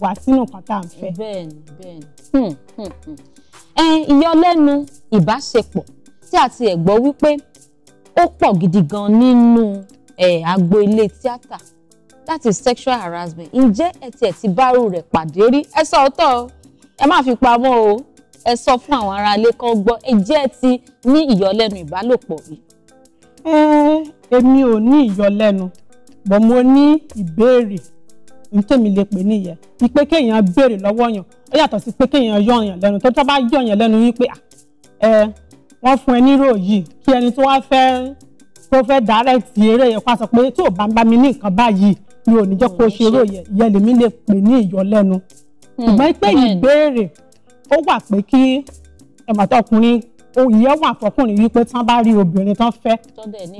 wá sínú nǹkan tá à ń fẹ́. bẹ́ẹ̀ni bẹ́ẹ̀ni hmm, hmm, hmm. ìyọlẹ́nu ìbáṣepọ̀ tí a ti ẹ̀ gbọ́ wípé ó pọ̀ gidi gan nínú agbo ilé tíátà láti sexual harassment ǹjẹ́ ẹ tiẹ̀ ti bárò rẹ̀ pàdé rí ẹ sọ ọ̀tọ̀ ẹ má fi pamọ́ o ẹ sọ fún àwọn aráalé kan gbọ́ ẹ jẹ́ ẹ ti ní ìyọlẹ́nu ìbálòpọ̀ rí. èmi ò ní ìyọlẹ́nu bọ̀ mo ní ìbéèrè ntẹ́mi lè pè nìyẹn ni pé kéèyàn béèrè lọ́wọ́ yàn ó yàtọ̀ sí pé kéèyàn yọ yàn lẹ́nu tó tó bá yọ yàn lẹ́nu yín ẹ wọ́n fún ẹ nírò yìí kí ẹni tó wá fẹ́ tó fẹ́ dàrẹ́tì eré yẹn kó a sọ pé bá ń bá mi ní nǹkan báyìí mi ò ní jẹ́ kó ṣe eré yẹn ìyẹn lèmi lè pè ní ìyọlẹ́nu hmm, ṣùgbọ́n pé ìbéèrè ó wà pé kí ẹ̀mọ̀tọ́ ìyẹn wà fọkùnrin wípé tán bá rí obìnrin tán fẹ́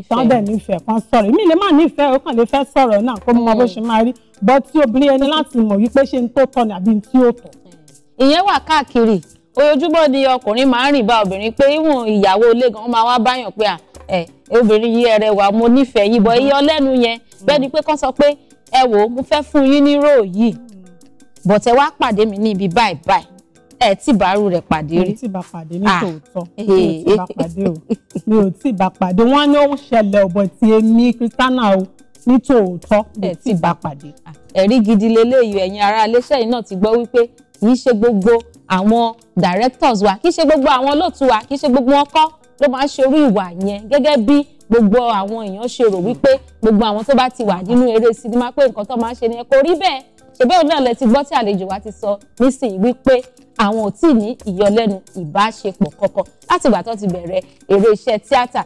tán dẹ̀ nífẹ̀ẹ́ kan sọ̀rọ̀ èmi lè má nífẹ̀ẹ́ ó kàn lè fẹ́ sọ̀rọ̀ náà kó mọ bó hmm. ṣe máa rí bọ́ tí obìnrin ẹni láti mọ̀ wípé ṣe ń tó tọ́ ni àbí tí ó tọ́. Hmm. ìyẹn wà káàkiri ojoojúmọ́ ni ọkùnrin máa ń rìn bá obìnrin pé ìwọ̀n ìyàwó ilé gan máa wá báyàn pé à ẹ obìnrin yìí ẹrẹwà mo nífẹ̀ẹ́ yìí bọ iye ọlẹ́nu yẹn hmm. bẹ́ẹ̀ ni pé kán sọ pé ẹ wò ó mo fẹ́ fún yín ní róò yìí bọ̀tẹ̀ wá pàdé mi ní ibi báyìí báyìí ẹ tí bàárù rẹ̀ pàdé rí. Ah. mi ò tí bá pàdé ní tòótọ́ mi ò tí bá pàdé o mi ò tí bá pàdé wọ́n ní ó ń ṣẹlẹ̀ ọ̀bọ̀ tí èmi Christiana o ní tòótọ́ mi ò tí bá pàdé. Ah, ẹ̀rí gidi leléyìí ẹ̀yin ará iléeṣẹ́ yìí náà ti gbọ́ wípé kì í ṣe gbogbo àwọn directors wa kì í ṣe gbogbo àwọn olóòtú wa kì í ṣe gbogbo wọn kọ́ ló máa ń ṣe orí ìwà yẹn gẹ́gẹ́ bí gbogbo àwọn èèyàn ṣe rò wípé gbogbo àwọn tó bá ti wà nínú eré sinimá pé nǹkan tó máa ń ṣe nìyẹn kò rí bẹ́ẹ̀ ṣùgbọ́n òun náà lẹ ti gbọ́ tí àlejò wa ti sọ nísìnyí wípé àwọn ò tí ì ní ìyọlẹ́nu ìbáṣepọ̀ kankan láti ìgbà tó ti bẹ̀rẹ̀ eré iṣẹ́ tíátà